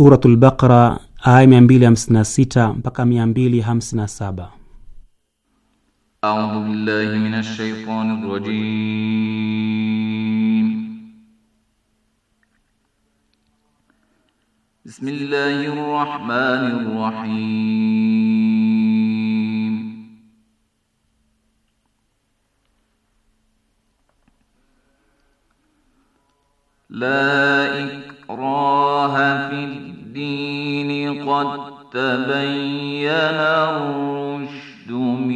Suratul Baqara aya mia na sita mpaka 257. A'udhu billahi minash shaitani rajim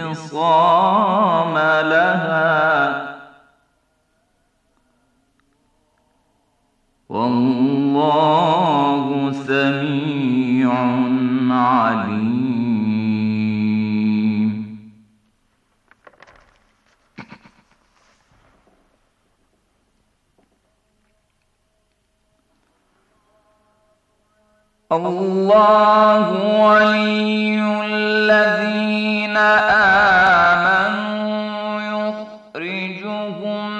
فصام لها والله سميع عليم الله ولي الذين آمنوا يخرجهم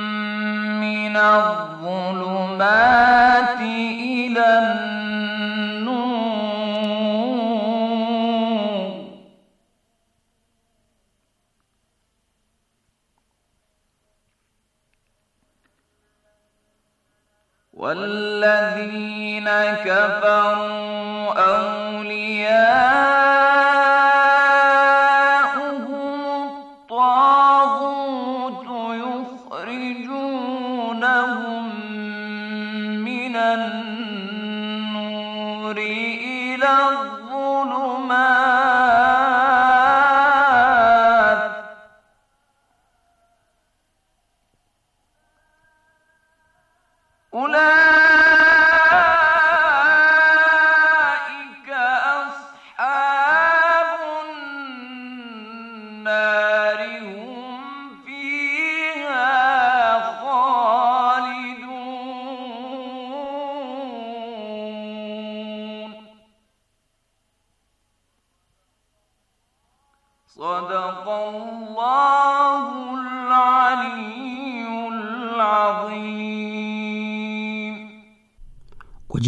من الظلمات والذين كفروا أو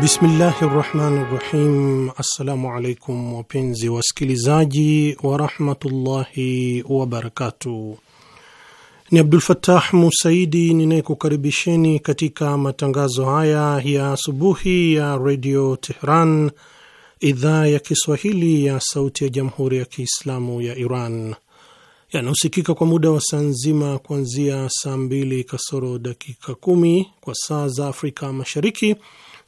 Bismillahi rahmani rahim. Assalamu alaikum wapenzi wasikilizaji warahmatullahi wabarakatuh. Ni Abdul Fattah Musaidi ninayekukaribisheni katika matangazo haya ya asubuhi ya redio Tehran, idhaa ya Kiswahili ya sauti ya jamhuri ya Kiislamu ya Iran, yanayosikika kwa muda wa saa nzima kuanzia saa mbili kasoro dakika kumi kwa saa za Afrika Mashariki,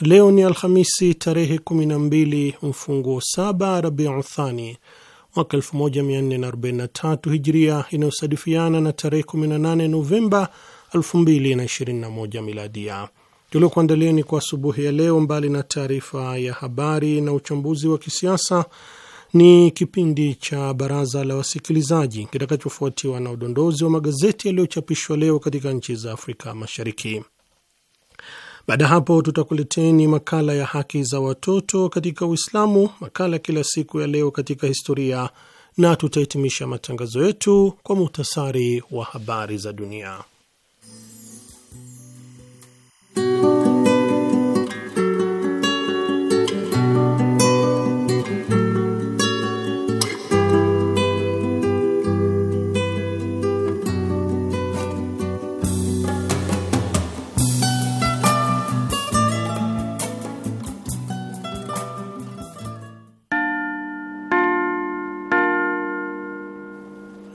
Leo ni Alhamisi tarehe 12 mfunguo 7 Rabiu Thani mwaka 1443 Hijria, inayosadifiana na tarehe 18 Novemba 2021 Miladia. ni kwa asubuhi ya leo, mbali na taarifa ya habari na uchambuzi wa kisiasa, ni kipindi cha baraza la wasikilizaji kitakachofuatiwa na udondozi wa magazeti yaliyochapishwa leo katika nchi za Afrika Mashariki. Baada ya hapo, tutakuleteni makala ya haki za watoto katika Uislamu, makala kila siku ya leo katika historia, na tutahitimisha matangazo yetu kwa muhtasari wa habari za dunia.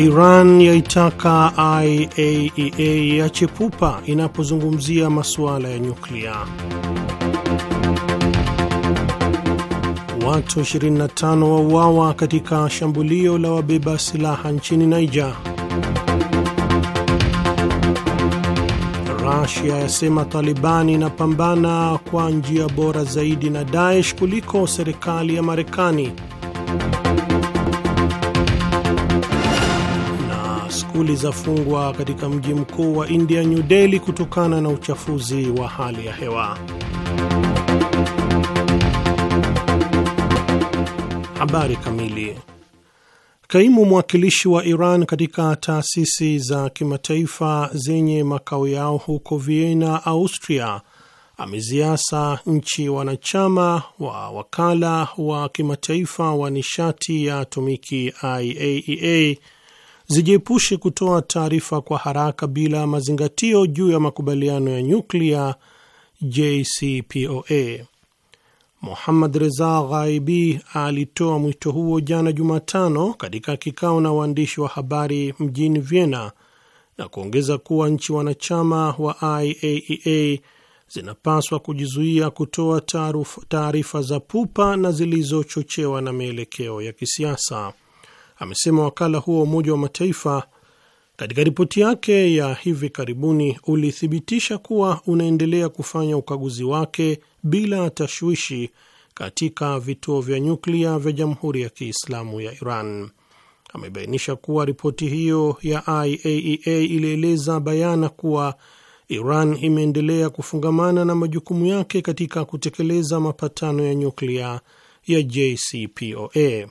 Iran yaitaka IAEA e iache pupa inapozungumzia masuala ya nyuklia. Watu 25 wauawa katika shambulio la wabeba silaha nchini Niger. Russia yasema Talibani inapambana kwa njia bora zaidi na Daesh kuliko serikali ya Marekani. skuli zafungwa katika mji mkuu wa India, New Delhi, kutokana na uchafuzi wa hali ya hewa. Habari kamili. Kaimu mwakilishi wa Iran katika taasisi za kimataifa zenye makao yao huko Vienna, Austria, ameziasa nchi wanachama wa wakala wa kimataifa wa nishati ya atomiki IAEA e zijiepushe kutoa taarifa kwa haraka bila mazingatio juu ya makubaliano ya nyuklia JCPOA. Muhammad Reza Ghaibi alitoa mwito huo jana Jumatano katika kikao na waandishi wa habari mjini Vienna na kuongeza kuwa nchi wanachama wa IAEA e zinapaswa kujizuia kutoa taarifa za pupa na zilizochochewa na mielekeo ya kisiasa amesema wakala huo wa Umoja wa Mataifa katika ripoti yake ya hivi karibuni ulithibitisha kuwa unaendelea kufanya ukaguzi wake bila tashwishi katika vituo vya nyuklia vya Jamhuri ya Kiislamu ya Iran. Amebainisha kuwa ripoti hiyo ya IAEA e ilieleza bayana kuwa Iran imeendelea kufungamana na majukumu yake katika kutekeleza mapatano ya nyuklia ya JCPOA.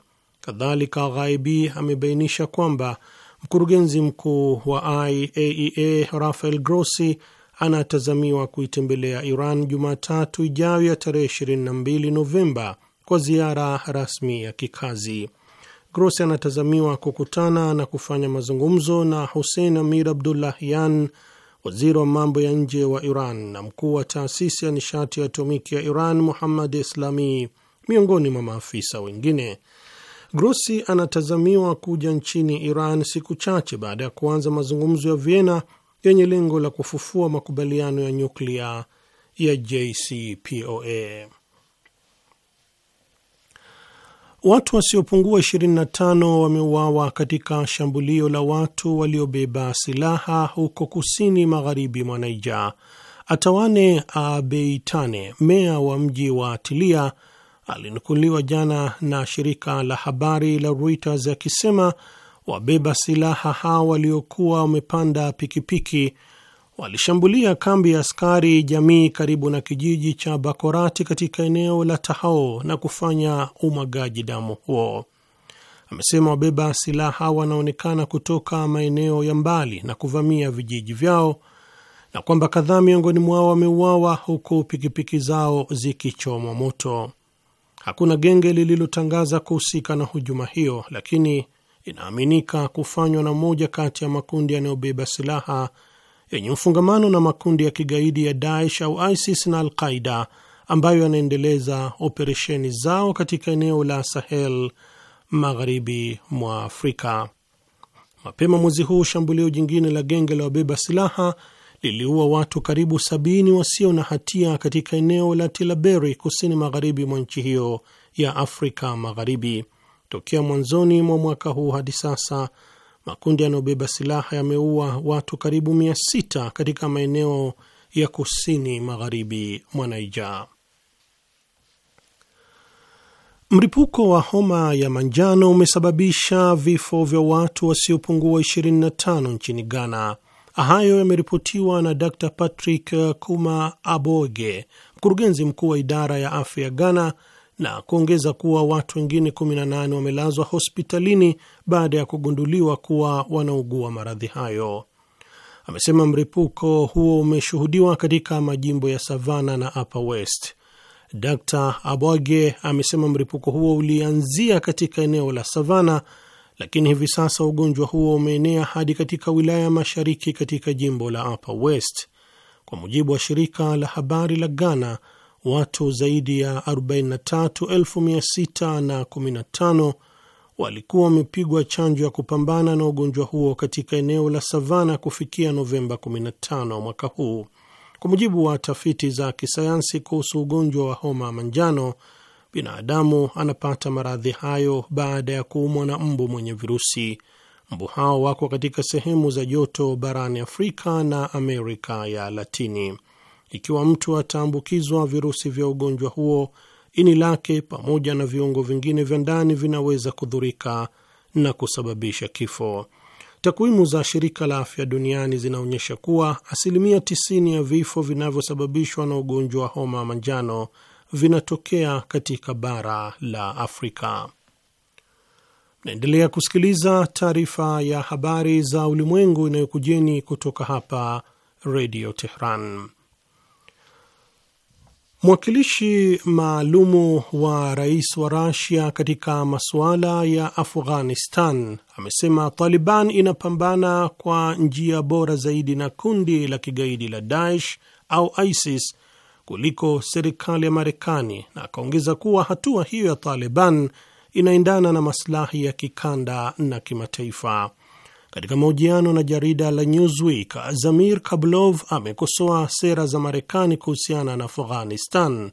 Kadhalika, Ghaibi amebainisha kwamba mkurugenzi mkuu wa IAEA e Rafael Grossi anatazamiwa kuitembelea Iran Jumatatu ijayo ya tarehe 22 Novemba kwa ziara rasmi ya kikazi. Grossi anatazamiwa kukutana na kufanya mazungumzo na Hussein Amir Abdullahian, waziri wa mambo ya nje wa Iran na mkuu wa taasisi ya nishati ya atomiki ya Iran Muhammad Islami, miongoni mwa maafisa wengine. Grossi anatazamiwa kuja nchini Iran siku chache baada ya kuanza mazungumzo ya Vienna yenye lengo la kufufua makubaliano ya nyuklia ya JCPOA. Watu wasiopungua 25 wameuawa katika shambulio la watu waliobeba silaha huko kusini magharibi mwa Naija. Atawane Abeitane, meya wa mji wa Tilia, alinukuliwa jana na shirika la habari la Reuters akisema wabeba silaha hao waliokuwa wamepanda pikipiki walishambulia kambi ya askari jamii karibu na kijiji cha Bakorati katika eneo la Tahao na kufanya umwagaji damu huo. Amesema wabeba silaha wanaonekana kutoka maeneo ya mbali na kuvamia vijiji vyao na kwamba kadhaa miongoni mwao wameuawa huku pikipiki zao zikichomwa moto. Hakuna genge lililotangaza kuhusika na hujuma hiyo, lakini inaaminika kufanywa na moja kati ya makundi yanayobeba silaha yenye mfungamano na makundi ya kigaidi ya Daesh au ISIS na Al-Qaida ambayo yanaendeleza operesheni zao katika eneo la Sahel magharibi mwa Afrika. Mapema mwezi huu, shambulio jingine la genge la wabeba silaha liliua watu karibu sabini wasio na hatia katika eneo la Tilaberi kusini magharibi mwa nchi hiyo ya Afrika Magharibi. Tokea mwanzoni mwa mwaka huu hadi sasa makundi yanayobeba silaha yameua watu karibu mia sita katika maeneo ya kusini magharibi mwa Naija. Mlipuko wa homa ya manjano umesababisha vifo vya watu wasiopungua 25 nchini Ghana Hayo yameripotiwa na Dr Patrick uh, Kuma Aboge, mkurugenzi mkuu wa idara ya afya ya Ghana, na kuongeza kuwa watu wengine 18 wamelazwa hospitalini baada ya kugunduliwa kuwa wanaugua maradhi hayo. Amesema mripuko huo umeshuhudiwa katika majimbo ya Savana na Upper West. Dr Aboge amesema mripuko huo ulianzia katika eneo la Savana lakini hivi sasa ugonjwa huo umeenea hadi katika wilaya ya mashariki katika jimbo la Upper West. Kwa mujibu wa shirika la habari la Ghana, watu zaidi ya 43615 walikuwa wamepigwa chanjo ya kupambana na ugonjwa huo katika eneo la Savana kufikia Novemba 15 mwaka huu, kwa mujibu wa tafiti za kisayansi kuhusu ugonjwa wa homa manjano binadamu anapata maradhi hayo baada ya kuumwa na mbu mwenye virusi. Mbu hao wako katika sehemu za joto barani Afrika na Amerika ya Latini. Ikiwa mtu ataambukizwa virusi vya ugonjwa huo, ini lake pamoja na viungo vingine vya ndani vinaweza kudhurika na kusababisha kifo. Takwimu za shirika la afya duniani zinaonyesha kuwa asilimia 90 ya vifo vinavyosababishwa na ugonjwa wa homa ya manjano vinatokea katika bara la Afrika. Naendelea kusikiliza taarifa ya habari za ulimwengu inayokujeni kutoka hapa Redio Tehran. Mwakilishi maalumu wa rais wa Rasia katika masuala ya Afghanistan amesema Taliban inapambana kwa njia bora zaidi na kundi la kigaidi la Daesh au ISIS kuliko serikali ya Marekani, na akaongeza kuwa hatua hiyo ya Taliban inaendana na maslahi ya kikanda na kimataifa. Katika mahojiano na jarida la Newsweek, Zamir Kabulov amekosoa sera za Marekani kuhusiana na Afghanistan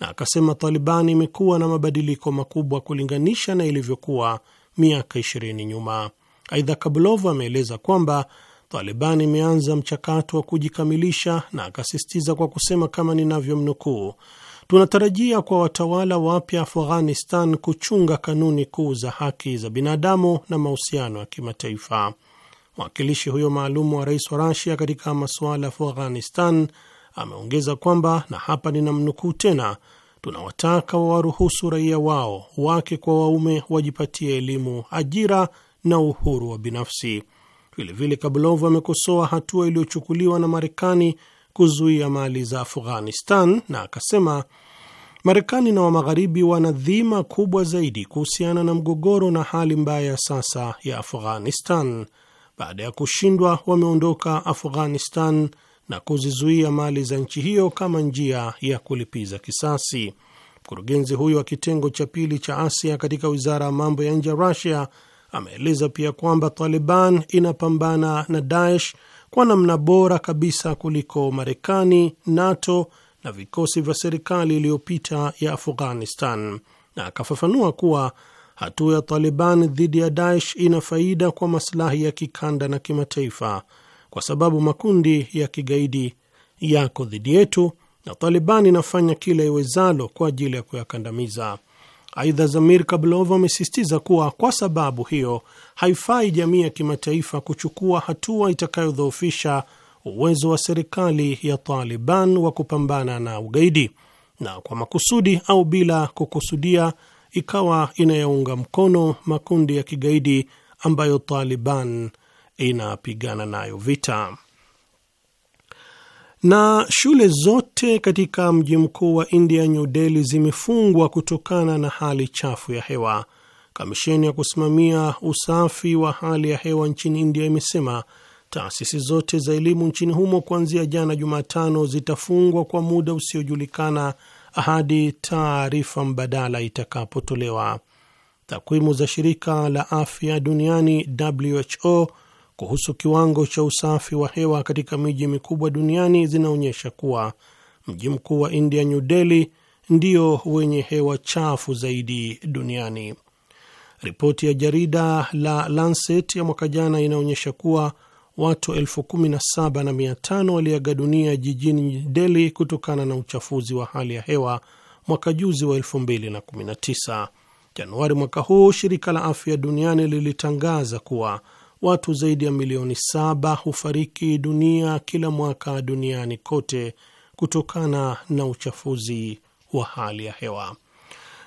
na akasema Taliban imekuwa na mabadiliko makubwa kulinganisha na ilivyokuwa miaka 20 nyuma. Aidha, Kabulov ameeleza kwamba Taliban imeanza mchakato wa kujikamilisha, na akasisitiza kwa kusema kama ninavyomnukuu, tunatarajia kwa watawala wapya Afghanistan kuchunga kanuni kuu za haki za binadamu na mahusiano ya kimataifa. Mwakilishi huyo maalum wa rais wa Rasia katika masuala ya Afghanistan ameongeza kwamba, na hapa ninamnukuu tena, tunawataka wawaruhusu raia wao wake kwa waume wajipatie elimu, ajira na uhuru wa binafsi. Vilevile, Kabulov amekosoa hatua iliyochukuliwa na Marekani kuzuia mali za Afghanistan na akasema Marekani na wamagharibi wana dhima kubwa zaidi kuhusiana na mgogoro na hali mbaya sasa ya Afghanistan. Baada ya kushindwa, wameondoka Afghanistan na kuzizuia mali za nchi hiyo kama njia ya kulipiza kisasi. Mkurugenzi huyo wa kitengo cha pili cha Asia katika wizara ya mambo ya nje ya Rusia Ameeleza pia kwamba Taliban inapambana na Daesh kwa namna bora kabisa kuliko Marekani, NATO na vikosi vya serikali iliyopita ya Afghanistan, na akafafanua kuwa hatua ya Taliban dhidi ya Daesh ina faida kwa maslahi ya kikanda na kimataifa, kwa sababu makundi ya kigaidi yako dhidi yetu na Taliban inafanya kila iwezalo kwa ajili ya kuyakandamiza. Aidha, Zamir Kabulov amesisitiza kuwa kwa sababu hiyo haifai jamii ya kimataifa kuchukua hatua itakayodhoofisha uwezo wa serikali ya Taliban wa kupambana na ugaidi na kwa makusudi au bila kukusudia ikawa inayounga mkono makundi ya kigaidi ambayo Taliban inapigana nayo vita. Na shule zote katika mji mkuu wa India, New Delhi, zimefungwa kutokana na hali chafu ya hewa. Kamisheni ya kusimamia usafi wa hali ya hewa nchini India imesema taasisi zote za elimu nchini humo kuanzia jana Jumatano zitafungwa kwa muda usiojulikana hadi taarifa mbadala itakapotolewa. Takwimu za shirika la afya duniani WHO kuhusu kiwango cha usafi wa hewa katika miji mikubwa duniani zinaonyesha kuwa mji mkuu wa India, New Delhi, ndio wenye hewa chafu zaidi duniani. Ripoti ya jarida la Lancet ya mwaka jana inaonyesha kuwa watu elfu kumi na saba na mia tano waliaga dunia jijini Delhi kutokana na uchafuzi wa hali ya hewa mwaka juzi wa 2019. Januari mwaka huu shirika la afya duniani lilitangaza kuwa watu zaidi ya milioni saba hufariki dunia kila mwaka duniani kote kutokana na uchafuzi wa hali ya hewa.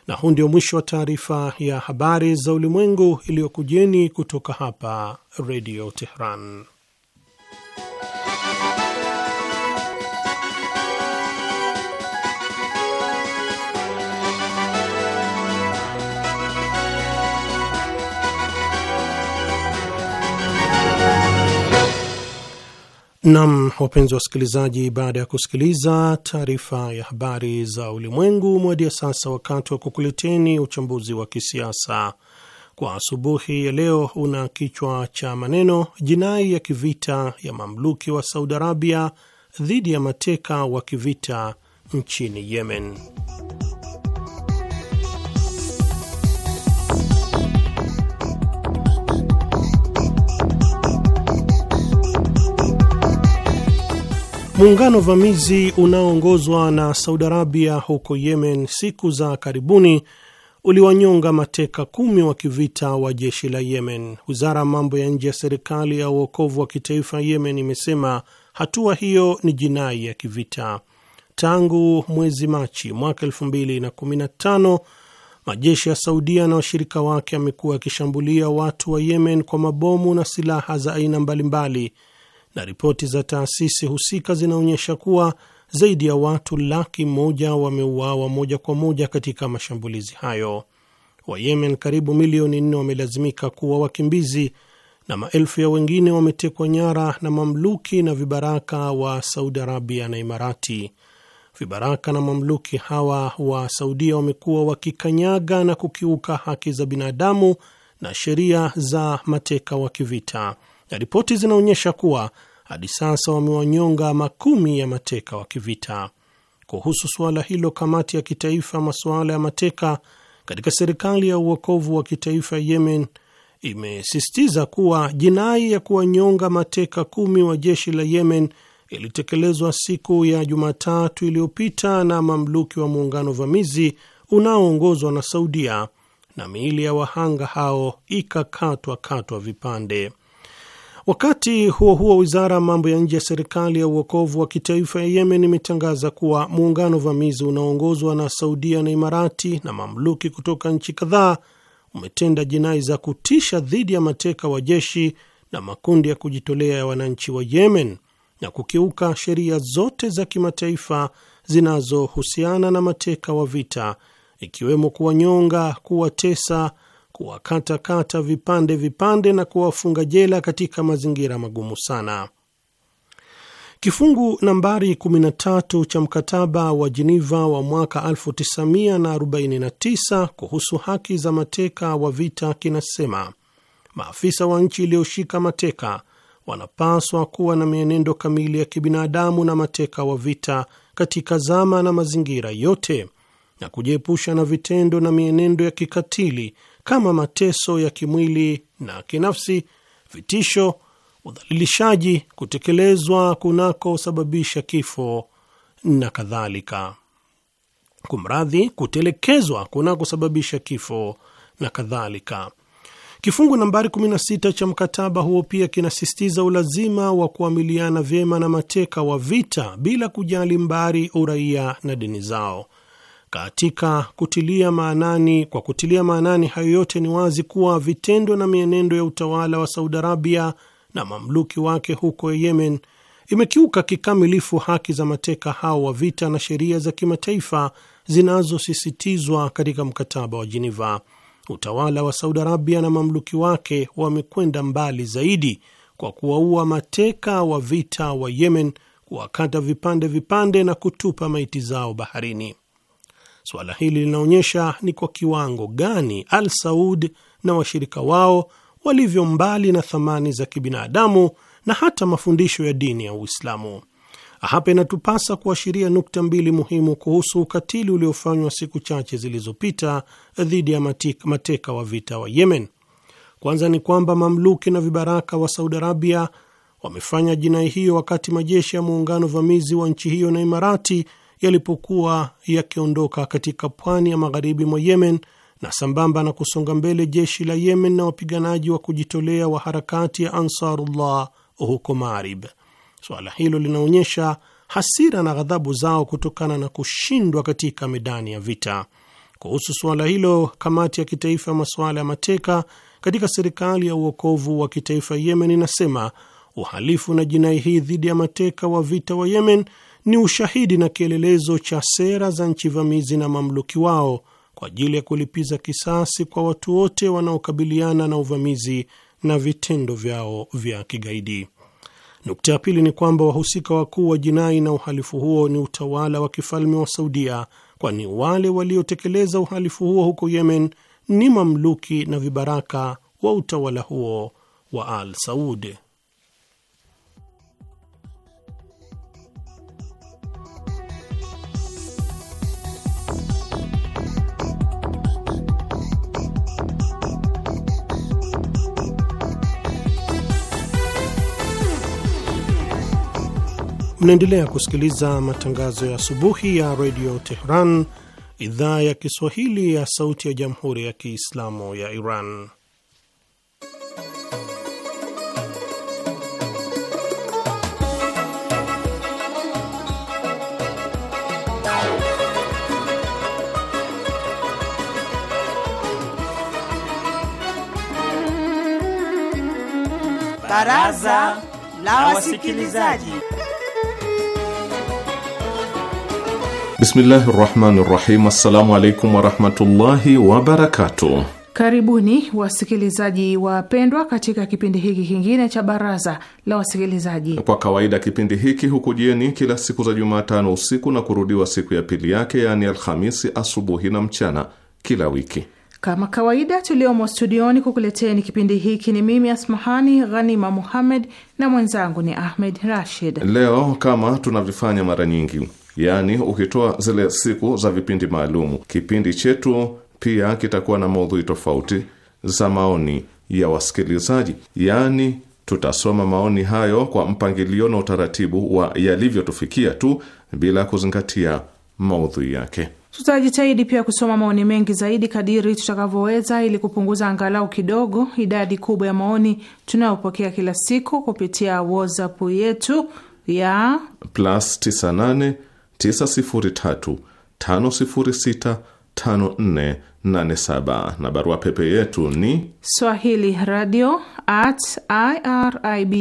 Na huu ndio mwisho wa taarifa ya habari za ulimwengu iliyokujeni kutoka hapa Redio Tehran. Nam, wapenzi wasikilizaji, baada ya kusikiliza taarifa ya habari za ulimwengu, mwadia sasa wakati wa kukuleteni uchambuzi wa kisiasa kwa asubuhi ya leo. Una kichwa cha maneno jinai ya kivita ya mamluki wa Saudi Arabia dhidi ya mateka wa kivita nchini Yemen. Muungano vamizi unaoongozwa na Saudi Arabia huko Yemen siku za karibuni uliwanyonga mateka kumi wa kivita wa jeshi la Yemen. Wizara ya mambo ya nje ya serikali ya uokovu wa kitaifa Yemen imesema hatua hiyo ni jinai ya kivita. Tangu mwezi Machi mwaka 2015 majeshi ya Saudia na washirika wake amekuwa yakishambulia watu wa Yemen kwa mabomu na silaha za aina mbalimbali na ripoti za taasisi husika zinaonyesha kuwa zaidi ya watu laki moja wameuawa moja kwa moja katika mashambulizi hayo. Wayemen karibu milioni nne wamelazimika kuwa wakimbizi na maelfu ya wengine wametekwa nyara na mamluki na vibaraka wa Saudi Arabia na Imarati. Vibaraka na mamluki hawa wa Saudia wamekuwa wakikanyaga na kukiuka haki za binadamu na sheria za mateka wa kivita, na ripoti zinaonyesha kuwa hadi sasa wamewanyonga makumi ya mateka wa kivita. Kuhusu suala hilo, kamati ya kitaifa masuala ya mateka katika serikali ya uokovu wa kitaifa Yemen imesisitiza kuwa jinai ya kuwanyonga mateka kumi wa jeshi la Yemen ilitekelezwa siku ya Jumatatu iliyopita na mamluki wa muungano vamizi unaoongozwa na Saudia, na miili ya wahanga hao ikakatwa katwa vipande. Wakati huo huo, wizara ya mambo ya nje ya serikali ya uokovu wa kitaifa ya Yemen imetangaza kuwa muungano vamizi unaoongozwa na Saudia na Imarati na mamluki kutoka nchi kadhaa umetenda jinai za kutisha dhidi ya mateka wa jeshi na makundi ya kujitolea ya wananchi wa Yemen na kukiuka sheria zote za kimataifa zinazohusiana na mateka wa vita, ikiwemo kuwanyonga, kuwatesa kuwakatakata vipande vipande na kuwafunga jela katika mazingira magumu sana. Kifungu nambari 13 cha mkataba wa jiniva wa mwaka 1949 kuhusu haki za mateka wa vita kinasema maafisa wa nchi iliyoshika mateka wanapaswa kuwa na mienendo kamili ya kibinadamu na mateka wa vita katika zama na mazingira yote, na kujiepusha na vitendo na mienendo ya kikatili kama mateso ya kimwili na kinafsi, vitisho, udhalilishaji, kutekelezwa kunakosababisha kifo na kadhalika. Kumradhi, kutelekezwa kunakosababisha kifo na kadhalika. Kifungu nambari 16 cha mkataba huo pia kinasisitiza ulazima wa kuamiliana vyema na mateka wa vita bila kujali mbari, uraia na dini zao. Katika kutilia maanani, kwa kutilia maanani hayo yote, ni wazi kuwa vitendo na mienendo ya utawala wa Saudi Arabia na mamluki wake huko Yemen imekiuka kikamilifu haki za mateka hao wa vita na sheria za kimataifa zinazosisitizwa katika mkataba wa jiniva Utawala wa Saudi Arabia na mamluki wake wamekwenda mbali zaidi kwa kuwaua mateka wa vita wa Yemen, kuwakata vipande vipande na kutupa maiti zao baharini. Suala hili linaonyesha ni kwa kiwango gani Al Saud na washirika wao walivyo mbali na thamani za kibinadamu na hata mafundisho ya dini ya Uislamu. Hapa inatupasa kuashiria nukta mbili muhimu kuhusu ukatili uliofanywa siku chache zilizopita dhidi ya mateka, wa vita wa Yemen. Kwanza ni kwamba mamluki na vibaraka wa Saudi Arabia wamefanya jinai hiyo wakati majeshi ya muungano vamizi wa nchi hiyo na Imarati yalipokuwa yakiondoka katika pwani ya magharibi mwa Yemen na sambamba na kusonga mbele jeshi la Yemen na wapiganaji wa kujitolea wa harakati ya Ansarullah huko Marib. Suala hilo linaonyesha hasira na ghadhabu zao kutokana na kushindwa katika medani ya vita. Kuhusu suala hilo, kamati ya kitaifa ya masuala ya mateka katika serikali ya uokovu wa kitaifa Yemen inasema uhalifu na jinai hii dhidi ya mateka wa vita wa Yemen ni ushahidi na kielelezo cha sera za nchi vamizi na mamluki wao kwa ajili ya kulipiza kisasi kwa watu wote wanaokabiliana na uvamizi na vitendo vyao vya kigaidi. Nukta ya pili ni kwamba wahusika wakuu wa jinai na uhalifu huo ni utawala wa kifalme wa Saudia, kwani wale waliotekeleza uhalifu huo huko Yemen ni mamluki na vibaraka wa utawala huo wa Al Saud. Mnaendelea kusikiliza matangazo ya asubuhi ya redio Tehran, idhaa ya Kiswahili ya sauti ya jamhuri ya Kiislamu ya Iran. Baraza la Wasikilizaji. Bismillahi rahmani rahim. Assalamu alaikum warahmatullahi Karibuni wasikilizaji wapendwa, katika kipindi hiki kingine cha baraza la wasikilizaji. Kwa kawaida kipindi hiki hukujieni kila siku za Jumatano usiku na kurudiwa siku ya pili yake, yaani Alhamisi asubuhi na mchana kila wiki. Kama kawaida, tuliomo studioni kukuleteni kipindi hiki ni mimi Asmahani Ghanima Muhammed na mwenzangu ni Ahmed Rashid. Leo kama tunavyofanya mara nyingi yaani ukitoa zile siku za vipindi maalumu, kipindi chetu pia kitakuwa na maudhui tofauti za maoni ya wasikilizaji, yaani tutasoma maoni hayo kwa mpangilio na utaratibu wa yalivyotufikia tu bila kuzingatia maudhui yake. Tutajitahidi pia kusoma maoni mengi zaidi kadiri tutakavyoweza, ili kupunguza angalau kidogo idadi kubwa ya maoni tunayopokea kila siku kupitia WhatsApp yetu ya plus 98 903 na barua pepe yetu ni swahili radio at irib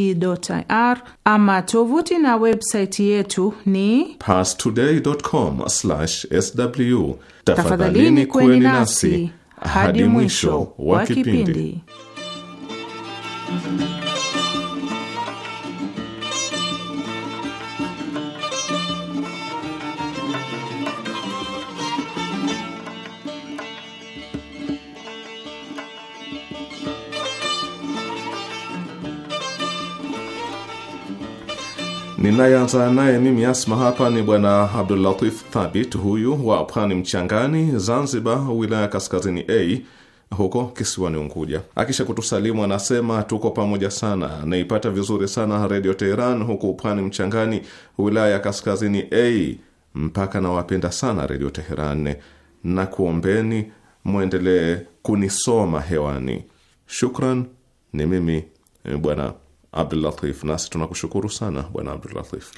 ir, ama tovuti na websaiti yetu ni pastoday com sw. Tafadhalini kweni nasi hadi mwisho wa kipindi. Ninayeanza naye mimi Asma hapa ni bwana Abdulatif Thabit, huyu wa Pwani Mchangani, Zanzibar, wilaya Kaskazini A huko kisiwani Unguja. Akisha kutusalimu anasema tuko pamoja sana, naipata vizuri sana Redio Teheran huku Pwani Mchangani, wilaya ya Kaskazini A, mpaka nawapenda sana Redio Teheran na kuombeni mwendelee kunisoma hewani. Shukran, ni mimi eh, bwana Abdulatif. Nasi tunakushukuru sana bwana Abdulatif.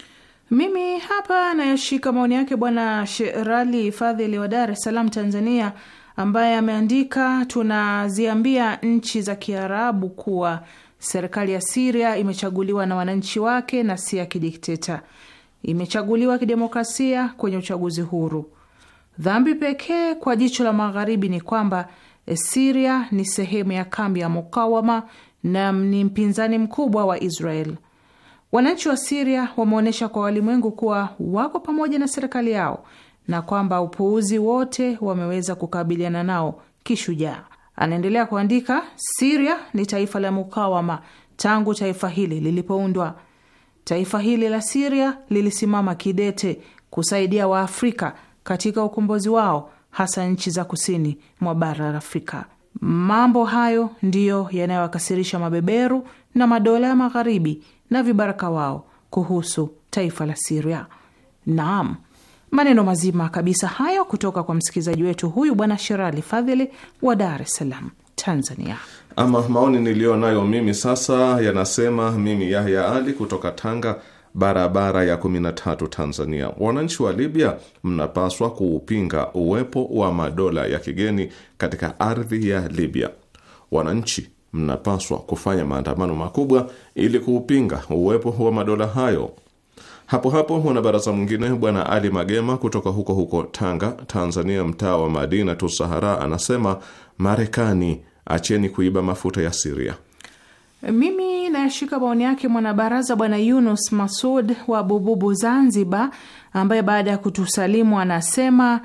Mimi hapa nayashika maoni yake bwana Sherali Fadhili wa Dar es Salaam, Tanzania, ambaye ameandika tunaziambia nchi za Kiarabu kuwa serikali ya Siria imechaguliwa na wananchi wake na si ya kidikteta, imechaguliwa kidemokrasia kwenye uchaguzi huru. Dhambi pekee kwa jicho la Magharibi ni kwamba Siria ni sehemu ya kambi ya mukawama na ni mpinzani mkubwa wa Israel. Wananchi wa Siria wameonyesha kwa walimwengu kuwa wako pamoja na serikali yao na kwamba upuuzi wote wameweza kukabiliana nao kishujaa. Anaendelea kuandika, Siria ni taifa la mukawama tangu taifa hili lilipoundwa. Taifa hili la Siria lilisimama kidete kusaidia Waafrika katika ukombozi wao, hasa nchi za kusini mwa bara la Afrika. Mambo hayo ndiyo yanayowakasirisha mabeberu na madola ya magharibi na vibaraka wao kuhusu taifa la Siria. Naam, maneno mazima kabisa hayo kutoka kwa msikilizaji wetu huyu Bwana Sherali Fadhili wa Dar es Salaam, Tanzania. Ama maoni niliyo nayo mimi sasa yanasema, mimi Yahya Ali kutoka Tanga barabara ya 13 Tanzania. Wananchi wa Libya mnapaswa kuupinga uwepo wa madola ya kigeni katika ardhi ya Libya. Wananchi mnapaswa kufanya maandamano makubwa ili kuupinga uwepo wa madola hayo. Hapo hapo mwanabaraza mwingine Bwana Ali Magema kutoka huko huko Tanga, Tanzania, mtaa wa Madina tu Sahara, anasema Marekani, acheni kuiba mafuta ya Siria. Mimi anayashika maoni yake mwanabaraza Bwana Yunus Masud wa Bububu, Zanzibar, ambaye baada ya kutusalimu anasema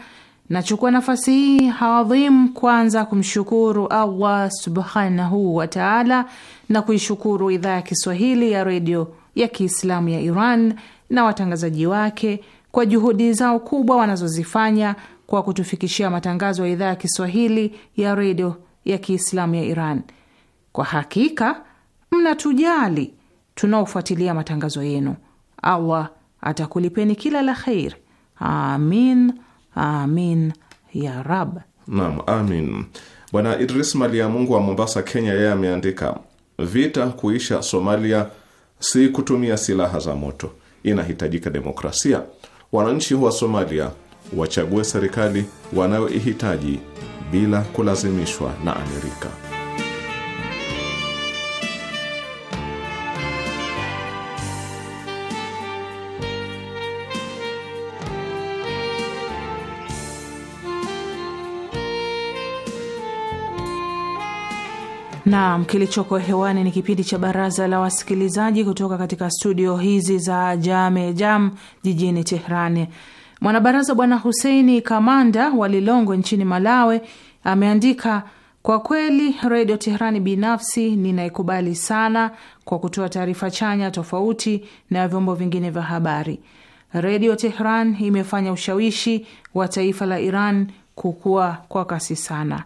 Nachukua nafasi hii adhimu kwanza kumshukuru Allah subhanahu wataala na kuishukuru idhaa ya Kiswahili ya redio ya Kiislamu ya Iran na watangazaji wake kwa juhudi zao kubwa wanazozifanya kwa kutufikishia matangazo ya idhaa ya Kiswahili ya redio ya Kiislamu ya Iran. Kwa hakika mnatujali tunaofuatilia matangazo yenu. Allah atakulipeni kila la kheri. Amin, amin ya rab. Naam, amin. Bwana Idris mali ya Mungu wa Mombasa, Kenya, yeye ameandika vita kuisha Somalia si kutumia silaha za moto, inahitajika demokrasia. Wananchi wa Somalia wachague serikali wanayoihitaji bila kulazimishwa na Amerika. Naam, kilichoko hewani ni kipindi cha baraza la wasikilizaji kutoka katika studio hizi za Jame Jam jijini Tehrani. Mwanabaraza Bwana Huseini Kamanda wa Lilongwe nchini Malawi ameandika kwa kweli redio Teherani binafsi ninaikubali sana kwa kutoa taarifa chanya tofauti na vyombo vingine vya habari. Redio Tehran imefanya ushawishi wa taifa la Iran kukua kwa kasi sana.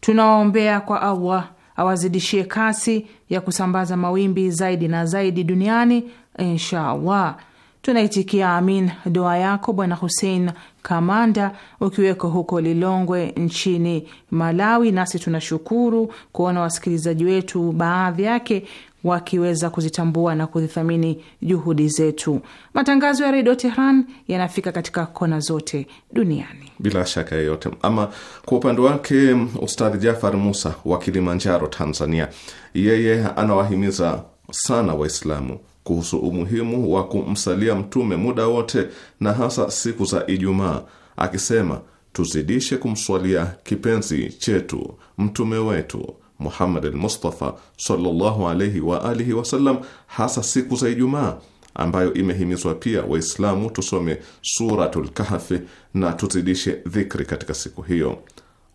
Tunawaombea kwa Allah awazidishie kasi ya kusambaza mawimbi zaidi na zaidi duniani inshaallah. Tunaitikia amin dua yako Bwana Hussein Kamanda, ukiweko huko Lilongwe nchini Malawi. Nasi tunashukuru kuona wasikilizaji wetu baadhi yake wakiweza kuzitambua na kuzithamini juhudi zetu. Matangazo ya Redio Tehran yanafika katika kona zote duniani bila shaka yoyote. Ama kwa upande wake, Ustadhi Jafar Musa wa Kilimanjaro, Tanzania, yeye anawahimiza sana Waislamu kuhusu umuhimu wa kumsalia Mtume muda wote na hasa siku za Ijumaa, akisema tuzidishe kumswalia kipenzi chetu mtume wetu Muhammad al-Mustafa sallallahu alayhi wa alihi sallam, hasa siku za Ijumaa ambayo imehimizwa pia Waislamu tusome Suratul Kahfi na tuzidishe dhikri katika siku hiyo.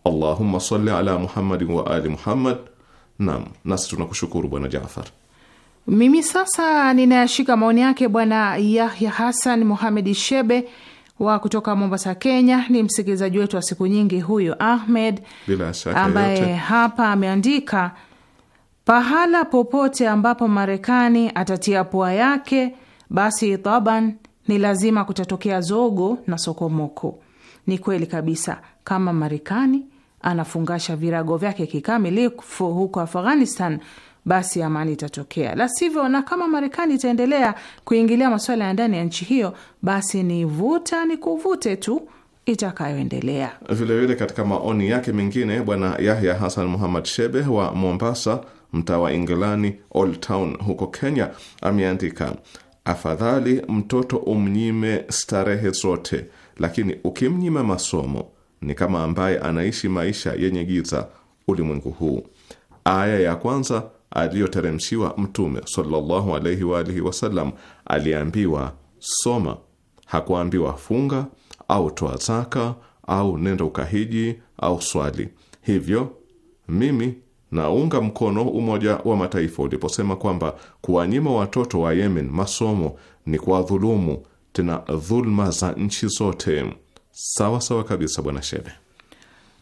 Allahumma salli ala Muhammadin wa ali Muhammad. Naam, nasi tunakushukuru Bwana Jaafar. Mimi sasa ninayashika maoni yake Bwana Yahya Hassan Muhammad Shebe wa kutoka Mombasa, Kenya. Ni msikilizaji wetu wa siku nyingi huyo Ahmed, bila shaka ambaye yote hapa ameandika pahala popote ambapo Marekani atatia pua yake, basi taban ni lazima kutatokea zogo na sokomoko. Ni kweli kabisa, kama Marekani anafungasha virago vyake kikamilifu huko Afghanistan, basi amani itatokea, la sivyo. Na kama Marekani itaendelea kuingilia masuala ya ndani ya nchi hiyo, basi ni vuta ni kuvute tu itakayoendelea. Vilevile, katika maoni yake mengine, Bwana Yahya Hassan Muhammad Shebe wa Mombasa, mtaa wa Ingilani Old Town huko Kenya, ameandika afadhali mtoto umnyime starehe zote, lakini ukimnyima masomo ni kama ambaye anaishi maisha yenye giza ulimwengu huu. Aya ya kwanza aliyoteremshiwa Mtume sallallahu alaihi wa alihi wasallam, aliambiwa soma, hakuambiwa funga au toa zaka au nenda ukahiji au swali. Hivyo mimi naunga mkono Umoja wa Mataifa uliposema kwamba kuwanyima watoto wa Yemen masomo ni kuwadhulumu, tena dhulma za nchi zote. Sawa sawa kabisa, Bwana Shebe.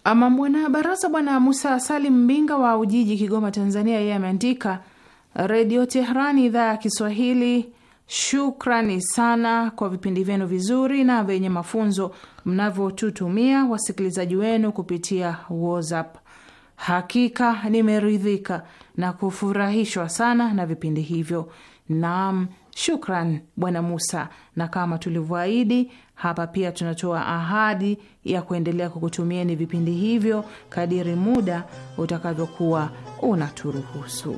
Ama mwanabaraza bwana Musa Salim Mbinga wa Ujiji, Kigoma, Tanzania, yeye ameandika Redio Teherani idhaa ya Kiswahili, shukrani sana kwa vipindi vyenu vizuri na vyenye mafunzo mnavyotutumia wasikilizaji wenu kupitia WhatsApp. Hakika nimeridhika na kufurahishwa sana na vipindi hivyo. Naam, Shukran Bwana Musa, na kama tulivyoahidi hapa pia tunatoa ahadi ya kuendelea kukutumieni vipindi hivyo kadiri muda utakavyokuwa unaturuhusu.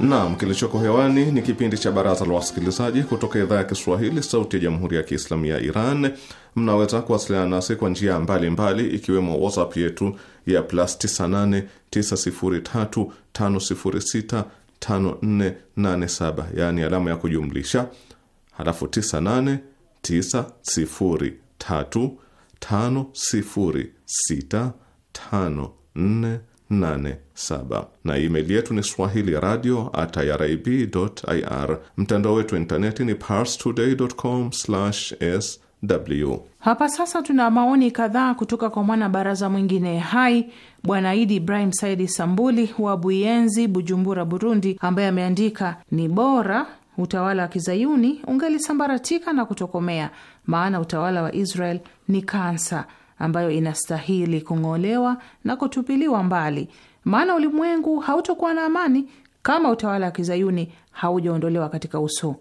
Naam, kilichoko hewani ni kipindi cha Baraza la Wasikilizaji kutoka idhaa ya Kiswahili, Sauti ya Jamhuri ya Kiislamu ya Iran. Mnaweza kuwasiliana nasi kwa njia mbalimbali, ikiwemo WhatsApp yetu ya plus 989035065487 yaani alama ya kujumlisha halafu 9890350654 87 na email yetu ni swahili radio at irib ir. Mtandao wetu wa intaneti ni parstoday.com sw. Hapa sasa tuna maoni kadhaa kutoka kwa mwana baraza mwingine hai Bwana Idi Ibrahim Saidi Sambuli wa Buyenzi, Bujumbura, Burundi, ambaye ameandika ni bora utawala wa kizayuni ungelisambaratika na kutokomea, maana utawala wa Israel ni kansa ambayo inastahili kung'olewa na kutupiliwa mbali, maana ulimwengu hautokuwa na amani kama utawala wa kizayuni haujaondolewa katika uso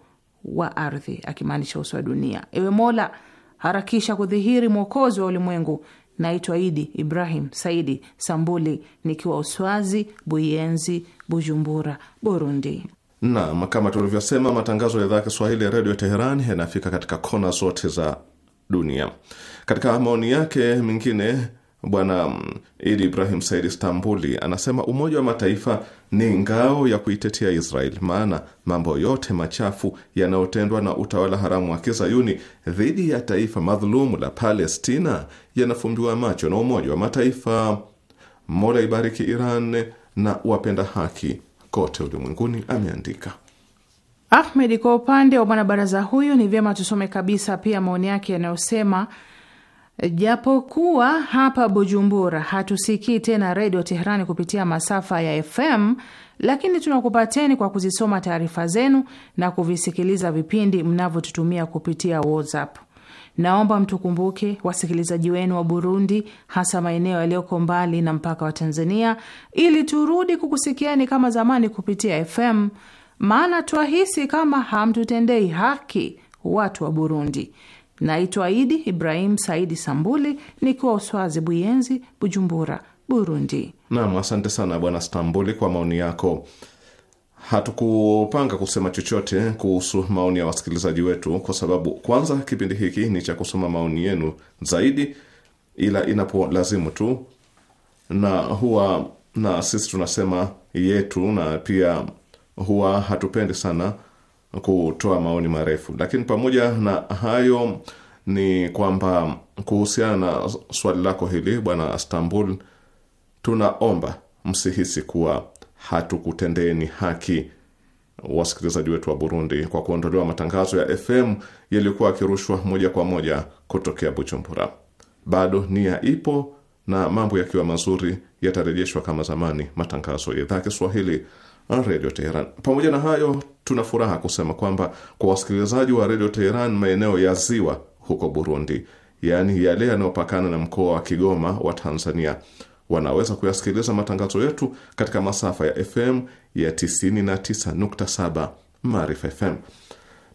wa ardhi, akimaanisha uso wa dunia. Ewe Mola, harakisha kudhihiri mwokozi wa ulimwengu. Naitwa Idi Ibrahim Saidi Sambuli, nikiwa Uswazi, Buyenzi, Bujumbura, Burundi. Nam, kama tulivyosema, matangazo ya idhaa ya Kiswahili ya redio Teheran yanafika katika kona zote za dunia. Katika maoni yake mengine, Bwana mm, Idi Ibrahim Said Istambuli anasema Umoja wa Mataifa ni ngao ya kuitetea Israel, maana mambo yote machafu yanayotendwa na utawala haramu wa kizayuni dhidi ya taifa madhulumu la Palestina yanafumbiwa macho na Umoja wa Mataifa. Mola ibariki Iran na wapenda haki kote ulimwenguni, ameandika Ahmed. Kwa upande wa mwanabaraza huyu, ni vyema tusome kabisa pia maoni yake yanayosema Japokuwa hapa Bujumbura hatusikii tena redio Teherani kupitia masafa ya FM, lakini tunakupateni kwa kuzisoma taarifa zenu na kuvisikiliza vipindi mnavyotutumia kupitia WhatsApp. Naomba mtukumbuke wasikilizaji wenu wa Burundi, hasa maeneo yaliyoko mbali na mpaka wa Tanzania, ili turudi kukusikiani kama zamani kupitia FM, maana twahisi kama hamtutendei haki watu wa Burundi. Naitwa Idi Ibrahim Saidi Sambuli, nikiwa Uswazi, Buyenzi, Bujumbura, Burundi. Naam, asante sana Bwana Stambuli kwa maoni yako. Hatukupanga kusema chochote kuhusu maoni ya wasikilizaji wetu, kwa sababu kwanza kipindi hiki ni cha kusoma maoni yenu zaidi, ila inapolazimu tu, na huwa na sisi tunasema yetu, na pia huwa hatupendi sana kutoa maoni marefu, lakini pamoja na hayo ni kwamba kuhusiana na swali lako hili Bwana Stambul, tunaomba msihisi kuwa hatukutendeni haki wasikilizaji wetu wa Burundi kwa kuondolewa matangazo ya FM yaliyokuwa yakirushwa moja kwa moja kutokea Bujumbura. Bado nia ipo na mambo yakiwa mazuri yatarejeshwa kama zamani matangazo ya idhaa Kiswahili Redio Teheran. Pamoja na hayo, tuna furaha kusema kwamba kwa wasikilizaji wa Redio Teheran maeneo ya ziwa huko Burundi, yaani yale yanayopakana na mkoa wa Kigoma wa Tanzania, wanaweza kuyasikiliza matangazo yetu katika masafa ya FM ya 99.7 Maarifa FM.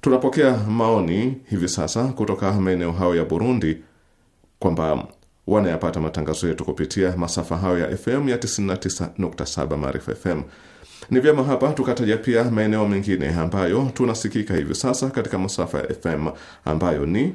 Tunapokea maoni hivi sasa kutoka maeneo hayo ya Burundi kwamba wanayapata matangazo yetu kupitia masafa hayo ya FM ya 99.7 Maarifa FM. Ni vyema hapa tukataja pia maeneo mengine ambayo tunasikika hivi sasa katika masafa ya FM ambayo ni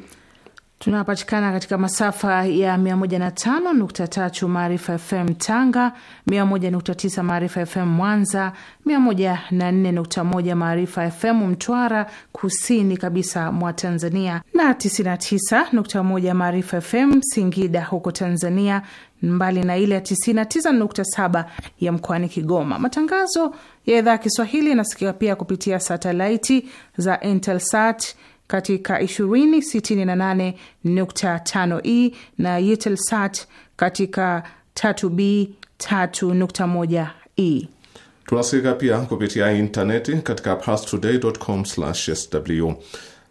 tunapatikana katika masafa ya 105.3 Maarifa FM Tanga, 101.9 Maarifa FM Mwanza, 104.1 Maarifa FM Mtwara, kusini kabisa mwa Tanzania, na 99.1 Maarifa FM Singida huko Tanzania, mbali na ile ya 99.7 ya mkoani Kigoma. Matangazo ya idhaa ya Kiswahili yanasikika pia kupitia satelaiti za Intelsat katika 2068.5e e na Eutelsat katika 3b 3.1e. Tunasikika pia kupitia intaneti katika pastoday.com/sw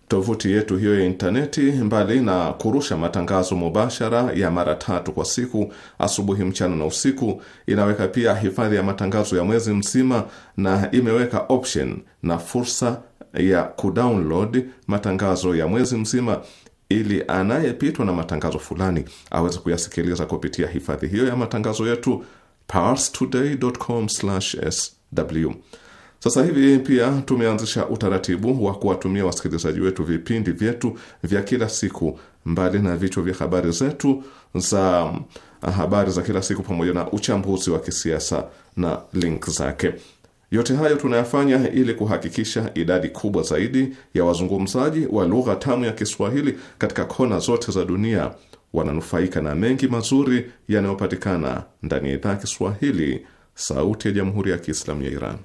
Tovuti yetu hiyo ya intaneti, mbali na kurusha matangazo mubashara ya mara tatu kwa siku, asubuhi, mchana na usiku, inaweka pia hifadhi ya matangazo ya mwezi mzima na imeweka option na fursa ya kudownload matangazo ya mwezi mzima ili anayepitwa na matangazo fulani aweze kuyasikiliza kupitia hifadhi hiyo ya matangazo yetu parstoday.com/sw. Sasa hivi pia tumeanzisha utaratibu wa kuwatumia wasikilizaji wetu vipindi vyetu vya kila siku, mbali na vichwa vya habari zetu za ah, habari za kila siku pamoja na uchambuzi wa kisiasa na link zake. Yote hayo tunayafanya ili kuhakikisha idadi kubwa zaidi ya wazungumzaji wa lugha tamu ya Kiswahili katika kona zote za dunia wananufaika na mengi mazuri yanayopatikana ndani ya idhaa ya Kiswahili, Sauti ya Jamhuri ya Kiislamu ya Iran.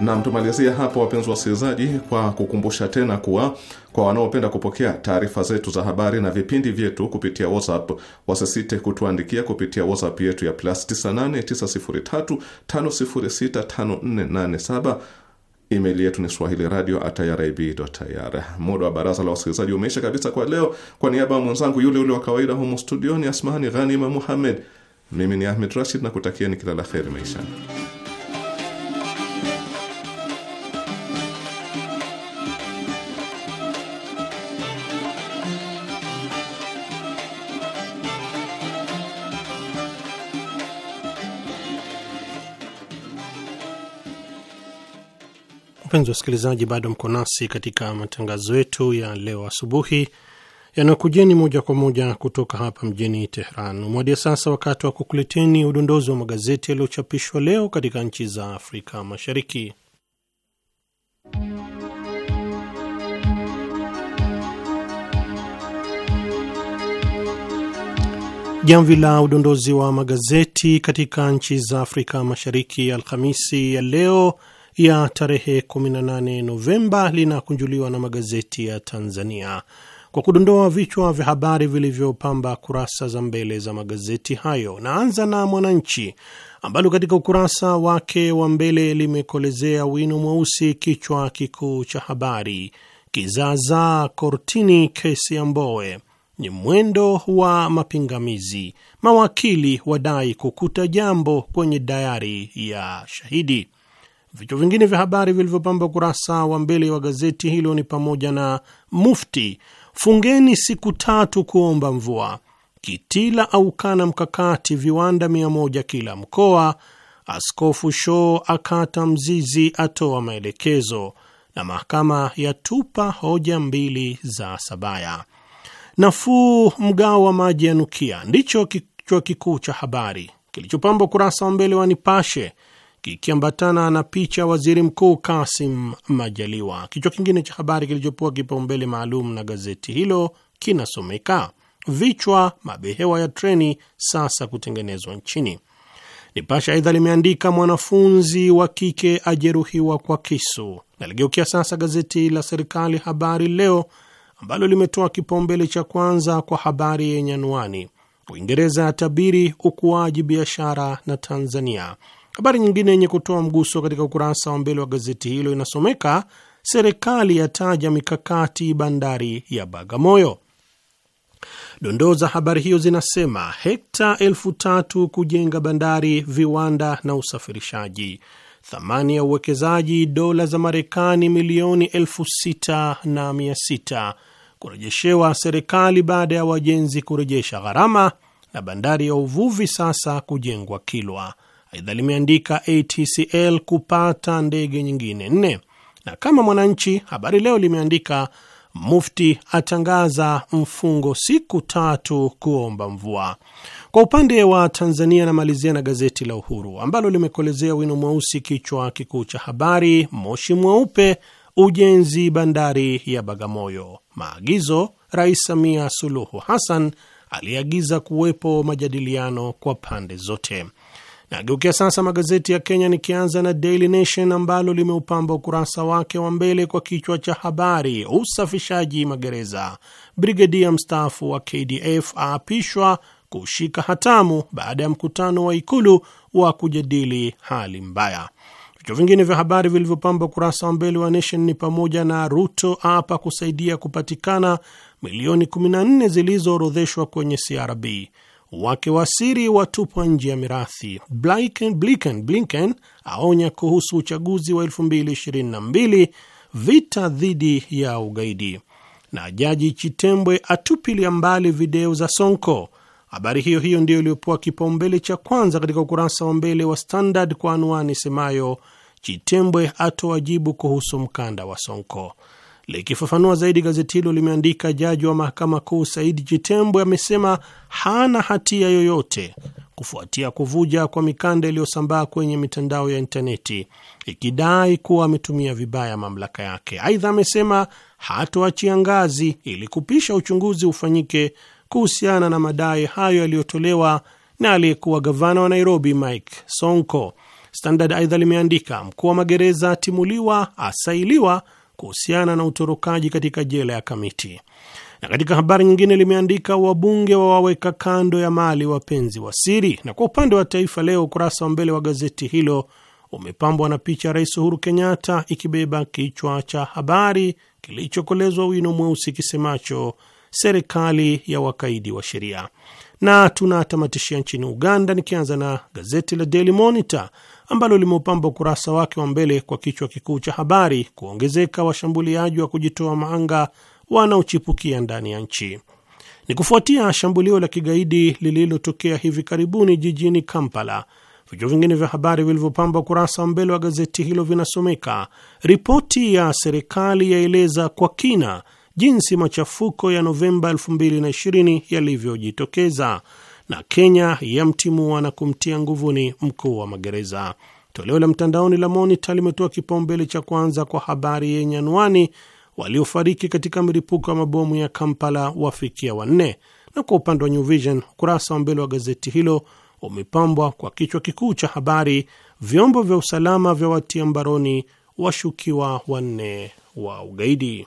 Na tumalizia hapo, wapenzi wasikilizaji, kwa kukumbusha tena kuwa kwa wanaopenda kupokea taarifa zetu za habari na vipindi vyetu kupitia WhatsApp wasisite kutuandikia kupitia WhatsApp yetu ya plus 989035065487. Email yetu ni swahili radio atayaraibidotayara. Muda wa baraza la wasikilizaji umeisha kabisa kwa leo. Kwa niaba ya mwenzangu yule ule wa kawaida humo studioni, Asmahani Ghanima Muhammed, mimi ni Ahmed Rashid na kutakieni kila la kheri maishani. wa wasikilizaji, bado mko nasi katika matangazo yetu ya leo asubuhi yanayokujeni moja kwa moja kutoka hapa mjini Teheran. Umewadia sasa wakati wa kukuleteni udondozi wa magazeti yaliyochapishwa leo katika nchi za Afrika Mashariki. Jamvi la udondozi wa magazeti katika nchi za Afrika Mashariki, Alhamisi ya leo ya tarehe 18 Novemba linakunjuliwa na magazeti ya Tanzania kwa kudondoa vichwa vya habari vilivyopamba kurasa za mbele za magazeti hayo. Naanza na Mwananchi ambalo katika ukurasa wake wa mbele limekolezea wino mweusi kichwa kikuu cha habari kizaazaa kortini kesi ya Mbowe ni mwendo wa mapingamizi, mawakili wadai kukuta jambo kwenye dayari ya shahidi. Vichwa vingine vya habari vilivyopamba ukurasa wa mbele wa gazeti hilo ni pamoja na Mufti, fungeni siku tatu kuomba mvua, Kitila aukana mkakati viwanda mia moja kila mkoa, Askofu Shoo akata mzizi atoa maelekezo, na mahakama yatupa hoja mbili za Sabaya. Nafuu mgao wa maji ya nukia ndicho kichwa kikuu cha habari kilichopamba ukurasa wa mbele wa Nipashe kikiambatana na picha waziri mkuu Kasim Majaliwa. Kichwa kingine cha habari kilichopewa kipaumbele maalum na gazeti hilo kinasomeka vichwa mabehewa ya treni sasa kutengenezwa nchini. Nipasha aidha limeandika mwanafunzi wa kike ajeruhiwa kwa kisu. Naligeukia sasa gazeti la serikali Habari Leo ambalo limetoa kipaumbele cha kwanza kwa habari yenye anwani Uingereza ya tabiri ukuaji biashara na Tanzania, Habari nyingine yenye kutoa mguso katika ukurasa wa mbele wa gazeti hilo inasomeka serikali yataja mikakati bandari ya Bagamoyo. Dondoo za habari hiyo zinasema hekta elfu tatu kujenga bandari, viwanda na usafirishaji, thamani ya uwekezaji dola za Marekani milioni elfu sita na mia sita kurejeshewa serikali baada ya wajenzi kurejesha gharama, na bandari ya uvuvi sasa kujengwa Kilwa. Aidha limeandika ATCL kupata ndege nyingine nne, na kama Mwananchi Habari Leo limeandika Mufti atangaza mfungo siku tatu kuomba mvua. Kwa upande wa Tanzania, namalizia na gazeti la Uhuru ambalo limekolezea wino mweusi kichwa kikuu cha habari, moshi mweupe ujenzi bandari ya Bagamoyo. Maagizo Rais Samia Suluhu Hassan aliagiza kuwepo majadiliano kwa pande zote. Nageukia sasa magazeti ya Kenya, nikianza na Daily Nation ambalo limeupamba ukurasa wake wa mbele kwa kichwa cha habari, usafishaji magereza, brigedia mstaafu wa KDF aapishwa kushika hatamu baada ya mkutano wa Ikulu wa kujadili hali mbaya. Vichwa vingine vya habari vilivyopamba ukurasa wa mbele wa Nation ni pamoja na Ruto apa kusaidia kupatikana milioni 14 zilizoorodheshwa kwenye CRB wakiwasiri watupwa nje ya mirathi. Blinken, Blinken, Blinken aonya kuhusu uchaguzi wa 2022 vita dhidi ya ugaidi, na Jaji Chitembwe atupilia mbali video za Sonko. Habari hiyo hiyo ndiyo iliyopoa kipaumbele cha kwanza katika ukurasa wa mbele wa Standard kwa anwani semayo Chitembwe atoa jibu kuhusu mkanda wa Sonko. Likifafanua zaidi, gazeti hilo limeandika jaji wa mahakama kuu Said Jitembwe amesema hana hatia yoyote kufuatia kuvuja kwa mikanda iliyosambaa kwenye mitandao ya intaneti ikidai kuwa ametumia vibaya mamlaka yake. Aidha, amesema hatoachia ngazi ili kupisha uchunguzi ufanyike kuhusiana na madai hayo yaliyotolewa na aliyekuwa gavana wa Nairobi Mike Sonko. Standard aidha limeandika mkuu wa magereza atimuliwa, asailiwa kuhusiana na utorokaji katika jela ya Kamiti. Na katika habari nyingine limeandika wabunge wawaweka kando ya mali wapenzi wa siri. Na kwa upande wa Taifa Leo, ukurasa wa mbele wa gazeti hilo umepambwa na picha ya Rais Uhuru Kenyatta ikibeba kichwa cha habari kilichokolezwa wino mweusi kisemacho serikali ya wakaidi wa sheria. Na tunatamatishia nchini Uganda, nikianza na gazeti la Daily Monitor ambalo limeupamba ukurasa wake wa mbele kwa kichwa kikuu cha habari, kuongezeka washambuliaji wa kujitoa maanga wanaochipukia ndani ya nchi. Ni kufuatia shambulio la kigaidi lililotokea hivi karibuni jijini Kampala. Vichwa vingine vya habari vilivyopamba ukurasa wa mbele wa gazeti hilo vinasomeka: ripoti ya serikali yaeleza kwa kina jinsi machafuko ya Novemba 2020 yalivyojitokeza na Kenya yamtimua na kumtia nguvuni mkuu wa magereza. Toleo la mtandaoni la Monita limetoa kipaumbele cha kwanza kwa habari yenye anwani waliofariki katika milipuko ya mabomu ya Kampala wafikia wanne, na kwa upande wa New Vision ukurasa wa mbele wa gazeti hilo umepambwa kwa kichwa kikuu cha habari, vyombo vya usalama vya watia mbaroni washukiwa wanne wa ugaidi.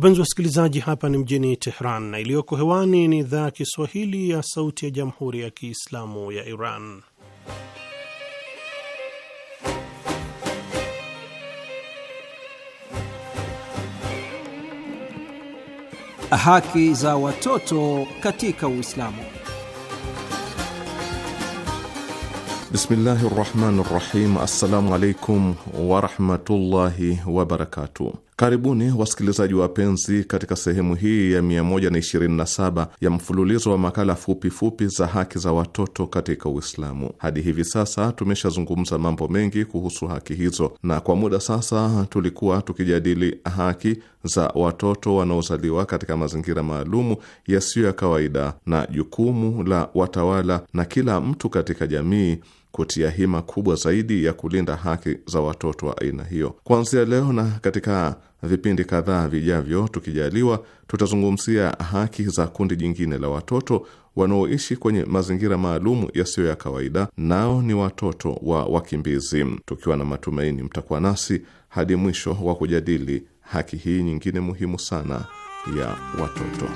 Wapenzi wasikilizaji, hapa ni mjini Tehran na iliyoko hewani ni idhaa ya Kiswahili ya Sauti ya Jamhuri ya Kiislamu ya Iran. Haki za watoto katika Uislamu. Bismillahi rahmani rahim. Assalamu alaikum warahmatullahi wabarakatuh. Karibuni wasikilizaji wapenzi, katika sehemu hii ya 127 ya mfululizo wa makala fupi fupi za haki za watoto katika Uislamu. Hadi hivi sasa tumeshazungumza mambo mengi kuhusu haki hizo, na kwa muda sasa tulikuwa tukijadili haki za watoto wanaozaliwa katika mazingira maalumu yasiyo ya kawaida na jukumu la watawala na kila mtu katika jamii kutia hima kubwa zaidi ya kulinda haki za watoto wa aina hiyo. Kuanzia leo na katika vipindi kadhaa vijavyo, tukijaliwa, tutazungumzia haki za kundi jingine la watoto wanaoishi kwenye mazingira maalum yasiyo ya kawaida, nao ni watoto wa wakimbizi, tukiwa na matumaini mtakuwa nasi hadi mwisho wa kujadili haki hii nyingine muhimu sana ya watoto.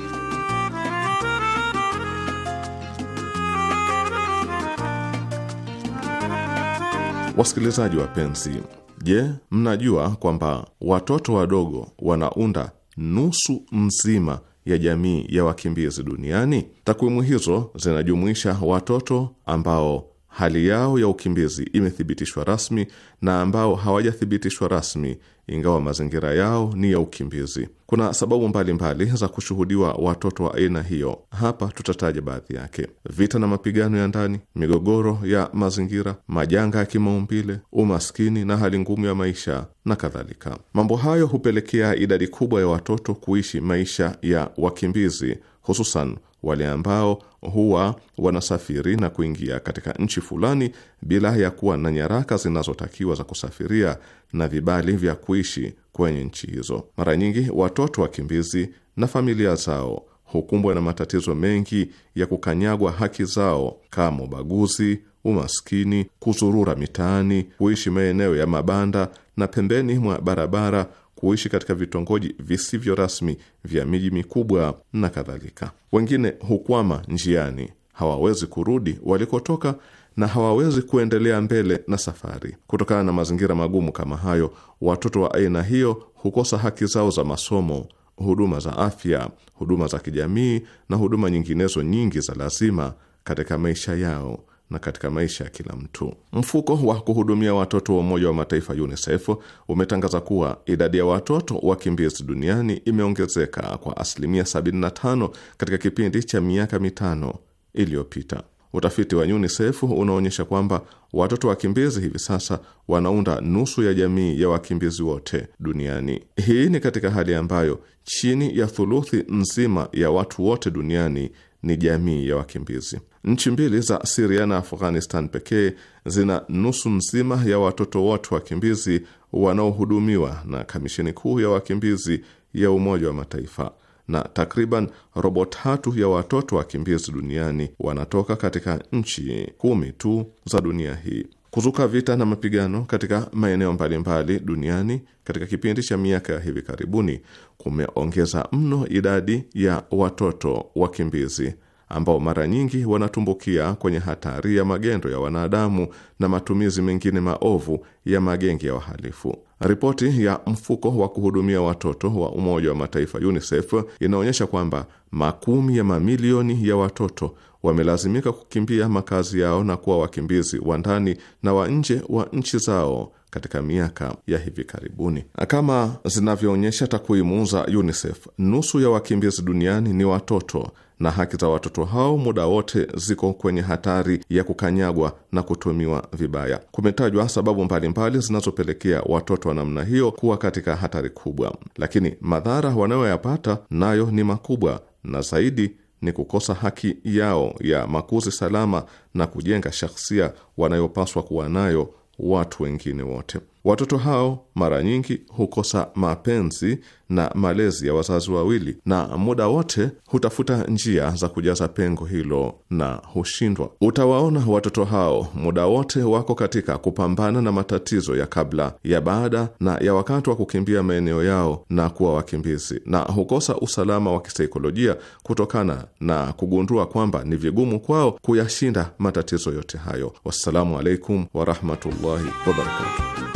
Wasikilizaji wapenzi, je, mnajua kwamba watoto wadogo wanaunda nusu mzima ya jamii ya wakimbizi duniani? Takwimu hizo zinajumuisha watoto ambao hali yao ya ukimbizi imethibitishwa rasmi na ambao hawajathibitishwa rasmi ingawa mazingira yao ni ya ukimbizi. Kuna sababu mbalimbali mbali za kushuhudiwa watoto wa aina hiyo. Hapa tutataja baadhi yake: vita na mapigano ya ndani, migogoro ya mazingira, majanga ya kimaumbile, umaskini na hali ngumu ya maisha na kadhalika. Mambo hayo hupelekea idadi kubwa ya watoto kuishi maisha ya wakimbizi, hususan wale ambao huwa wanasafiri na kuingia katika nchi fulani bila ya kuwa na nyaraka zinazotakiwa za kusafiria na vibali vya kuishi kwenye nchi hizo. Mara nyingi watoto wakimbizi na familia zao hukumbwa na matatizo mengi ya kukanyagwa haki zao kama ubaguzi, umaskini, kuzurura mitaani, kuishi maeneo ya mabanda na pembeni mwa barabara, kuishi katika vitongoji visivyo rasmi vya miji mikubwa na kadhalika. Wengine hukwama njiani, hawawezi kurudi walikotoka na hawawezi kuendelea mbele na safari. Kutokana na mazingira magumu kama hayo, watoto wa aina hiyo hukosa haki zao za masomo, huduma za afya, huduma za kijamii na huduma nyinginezo nyingi za lazima katika maisha yao na katika maisha ya kila mtu. Mfuko wa kuhudumia watoto wa Umoja wa Mataifa UNICEF umetangaza kuwa idadi ya watoto wakimbizi duniani imeongezeka kwa asilimia 75 katika kipindi cha miaka mitano iliyopita. Utafiti wa UNICEF unaonyesha kwamba watoto wakimbizi hivi sasa wanaunda nusu ya jamii ya wakimbizi wote duniani. Hii ni katika hali ambayo chini ya thuluthi nzima ya watu wote duniani ni jamii ya wakimbizi. Nchi mbili za Siria na Afghanistan pekee zina nusu nzima ya watoto wote wakimbizi wanaohudumiwa na Kamisheni Kuu ya Wakimbizi ya Umoja wa Mataifa na takriban robo tatu ya watoto wakimbizi duniani wanatoka katika nchi kumi tu za dunia hii. Kuzuka vita na mapigano katika maeneo mbalimbali duniani katika kipindi cha miaka ya hivi karibuni kumeongeza mno idadi ya watoto wakimbizi ambao mara nyingi wanatumbukia kwenye hatari ya magendo ya wanadamu na matumizi mengine maovu ya magenge ya wahalifu. Ripoti ya mfuko wa kuhudumia watoto wa Umoja wa Mataifa UNICEF inaonyesha kwamba makumi ya mamilioni ya watoto wamelazimika kukimbia makazi yao na kuwa wakimbizi wa ndani na wa nje wa nchi zao katika miaka ya hivi karibuni. Kama zinavyoonyesha takwimu za UNICEF, nusu ya wakimbizi duniani ni watoto na haki za watoto hao muda wote ziko kwenye hatari ya kukanyagwa na kutumiwa vibaya. Kumetajwa sababu mbalimbali zinazopelekea watoto wa namna hiyo kuwa katika hatari kubwa, lakini madhara wanayoyapata nayo ni makubwa, na zaidi ni kukosa haki yao ya makuzi salama na kujenga shakhsia wanayopaswa kuwa nayo watu wengine wote. Watoto hao mara nyingi hukosa mapenzi na malezi ya wazazi wawili, na muda wote hutafuta njia za kujaza pengo hilo na hushindwa. Utawaona watoto hao muda wote wako katika kupambana na matatizo ya kabla, ya baada na ya wakati wa kukimbia maeneo yao na kuwa wakimbizi, na hukosa usalama wa kisaikolojia kutokana na kugundua kwamba ni vigumu kwao kuyashinda matatizo yote hayo. Wassalamu alaikum warahmatullahi wabarakatuh.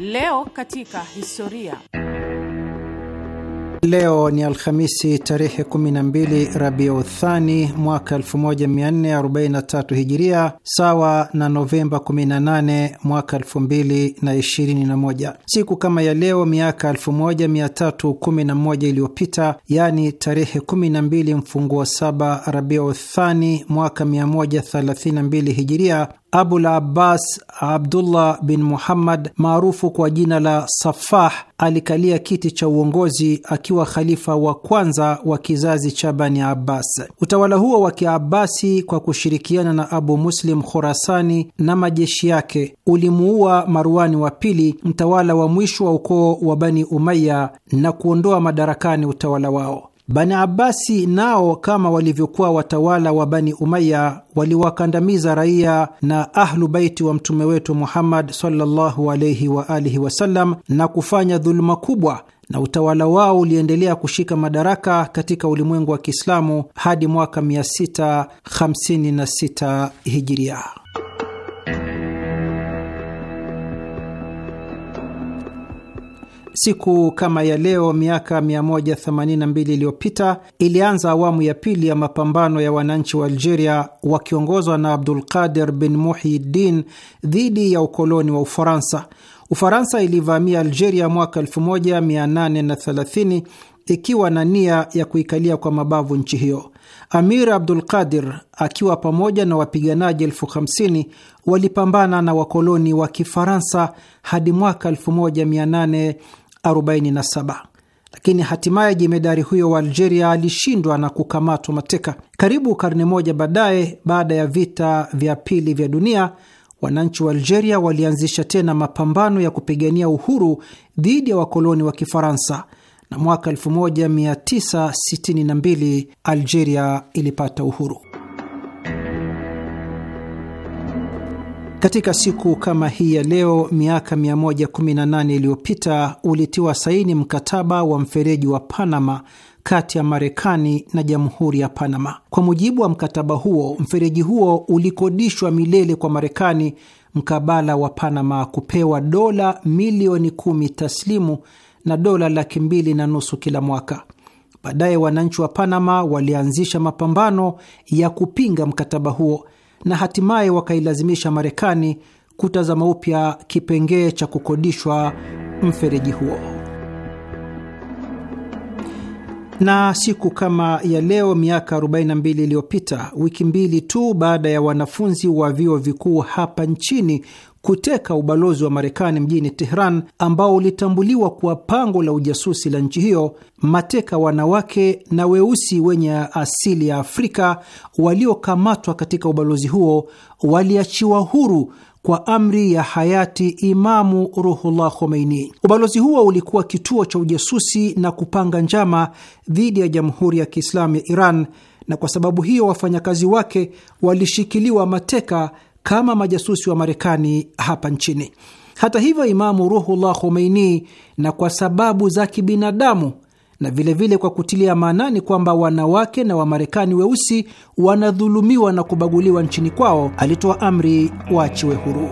Leo katika historia. Leo ni Alhamisi tarehe 12 Rabiu Thani mwaka 1443 Hijiria, sawa na Novemba 18 mwaka 2021. Siku kama ya leo miaka 1311 iliyopita, yaani tarehe 12 mfunguo saba Rabiu Thani mwaka 132 Hijiria, Abul Abbas Abdullah bin Muhammad maarufu kwa jina la Safah alikalia kiti cha uongozi akiwa khalifa wa kwanza wa kizazi cha Bani Abbas. Utawala huo wa Kiabasi kwa kushirikiana na Abu Muslim khurasani na majeshi yake ulimuua Marwani wa pili, mtawala wa mwisho wa ukoo wa Bani Umaya, na kuondoa madarakani utawala wao. Bani Abasi nao kama walivyokuwa watawala wa Bani Umaya waliwakandamiza raia na Ahlu Baiti wa mtume wetu Muhammad sallallahu alaihi wa alihi wasallam na kufanya dhuluma kubwa, na utawala wao uliendelea kushika madaraka katika ulimwengu wa Kiislamu hadi mwaka 656 Hijiria. Siku kama ya leo miaka 182 iliyopita ilianza awamu ya pili ya mapambano ya wananchi wa Algeria wakiongozwa na Abdulqadir bin Muhyiddin dhidi ya ukoloni wa Ufaransa. Ufaransa ilivamia Algeria mwaka 1830 ikiwa na nia ya kuikalia kwa mabavu nchi hiyo. Amir Abdul Qadir akiwa pamoja na wapiganaji elfu hamsini walipambana na wakoloni wa Kifaransa hadi mwaka 18 47 lakini hatimaye jemedari huyo wa Algeria alishindwa na kukamatwa mateka. Karibu karne moja baadaye, baada ya vita vya pili vya dunia, wananchi wa Algeria walianzisha tena mapambano ya kupigania uhuru dhidi ya wakoloni wa Kifaransa, na mwaka 1962 Algeria ilipata uhuru. Katika siku kama hii ya leo miaka 118 iliyopita ulitiwa saini mkataba wa mfereji wa Panama kati ya Marekani na jamhuri ya Panama. Kwa mujibu wa mkataba huo, mfereji huo ulikodishwa milele kwa Marekani mkabala wa Panama kupewa dola milioni kumi taslimu na dola laki mbili na nusu kila mwaka. Baadaye wananchi wa Panama walianzisha mapambano ya kupinga mkataba huo na hatimaye wakailazimisha Marekani kutazama upya kipengee cha kukodishwa mfereji huo. Na siku kama ya leo miaka 42 iliyopita, wiki mbili tu baada ya wanafunzi wa vyuo vikuu hapa nchini kuteka ubalozi wa Marekani mjini Tehran ambao ulitambuliwa kuwa pango la ujasusi la nchi hiyo, mateka wanawake na weusi wenye asili ya Afrika waliokamatwa katika ubalozi huo waliachiwa huru kwa amri ya hayati Imamu Ruhullah Khomeini. Ubalozi huo ulikuwa kituo cha ujasusi na kupanga njama dhidi ya Jamhuri ya Kiislamu ya Iran, na kwa sababu hiyo wafanyakazi wake walishikiliwa mateka kama majasusi wa Marekani hapa nchini. Hata hivyo, Imamu Ruhullah Khomeini, na kwa sababu za kibinadamu na vilevile vile kwa kutilia maanani kwamba wanawake na Wamarekani weusi wanadhulumiwa na kubaguliwa nchini kwao, alitoa amri waachiwe huru.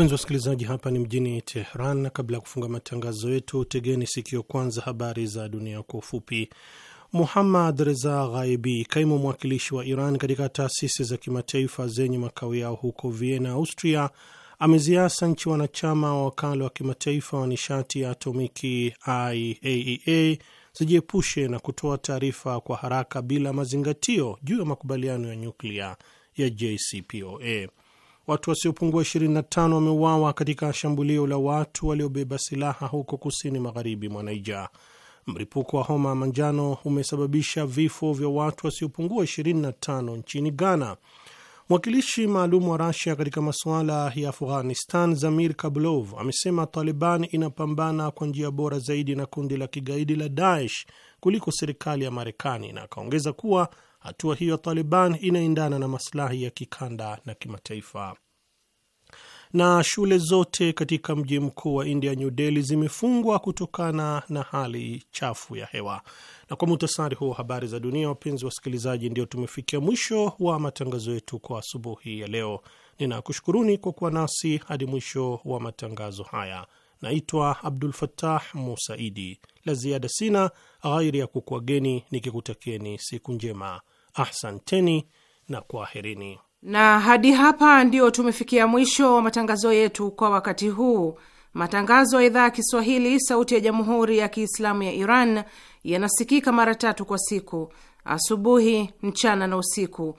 Wapenzi wasikilizaji, hapa ni mjini Teheran, na kabla ya kufunga matangazo yetu, tegeni sikio kwanza habari za dunia kwa ufupi. Muhammad Reza Ghaibi, kaimu mwakilishi wa Iran katika taasisi za kimataifa zenye makao yao huko Vienna, Austria, ameziasa nchi wanachama wa wakala wa kimataifa wa nishati ya atomiki IAEA e zijiepushe na kutoa taarifa kwa haraka bila mazingatio juu ya makubaliano ya nyuklia ya JCPOA. Watu wasiopungua 25 wameuawa katika shambulio la watu waliobeba silaha huko kusini magharibi mwa Naija. mripuko wa homa ya manjano umesababisha vifo vya watu wasiopungua 25 nchini Ghana. Mwakilishi maalum wa Rasia katika masuala ya Afghanistan, Zamir Kabulov, amesema Taliban inapambana kwa njia bora zaidi na kundi la kigaidi la Daesh kuliko serikali ya Marekani, na akaongeza kuwa Hatua hiyo ya Taliban inaendana na maslahi ya kikanda na kimataifa. Na shule zote katika mji mkuu wa India, New Delhi, zimefungwa kutokana na hali chafu ya hewa. Na kwa muhtasari huo habari za dunia, wapenzi wasikilizaji, ndio tumefikia mwisho wa matangazo yetu kwa asubuhi ya leo. Ninakushukuruni kwa kuwa nasi hadi mwisho wa matangazo haya. Naitwa Abdul Fatah Musaidi. La ziada sina ghairi ya geni nikikutakieni siku njema. Ahsanteni na kwaherini. Na hadi hapa ndiyo tumefikia mwisho wa matangazo yetu kwa wakati huu. Matangazo ya idhaa ya Kiswahili sauti ya jamhuri ya Kiislamu ya Iran yanasikika mara tatu kwa siku: asubuhi, mchana na usiku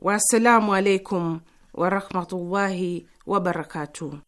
Wassalamu alaikum warahmatullahi wabarakatu.